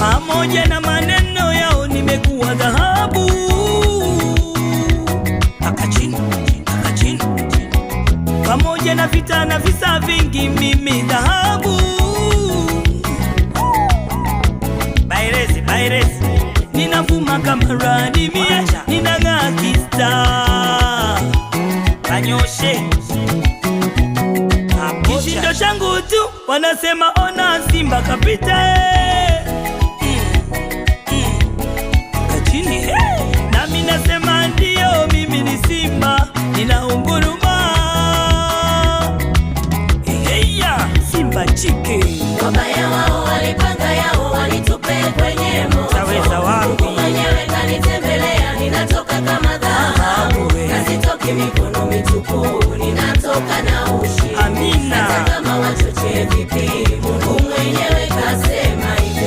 pamoja na maneno yao nimekuwa dhahabu. pamoja na vita na visa vingi, mimi dhahabu. Bairezi, bairezi, ninavuma kama radi mie, ninang'aa kista kanyoshe kishindo changu tu, wanasema ona simba kapita mapachike. Baba yao walipanga yao walitupe kwenye moto. Taweza wangu Mwenyewe kanitembelea, ninatoka kama dhahabu, nasitoki mikono mitupu, ninatoka na ushu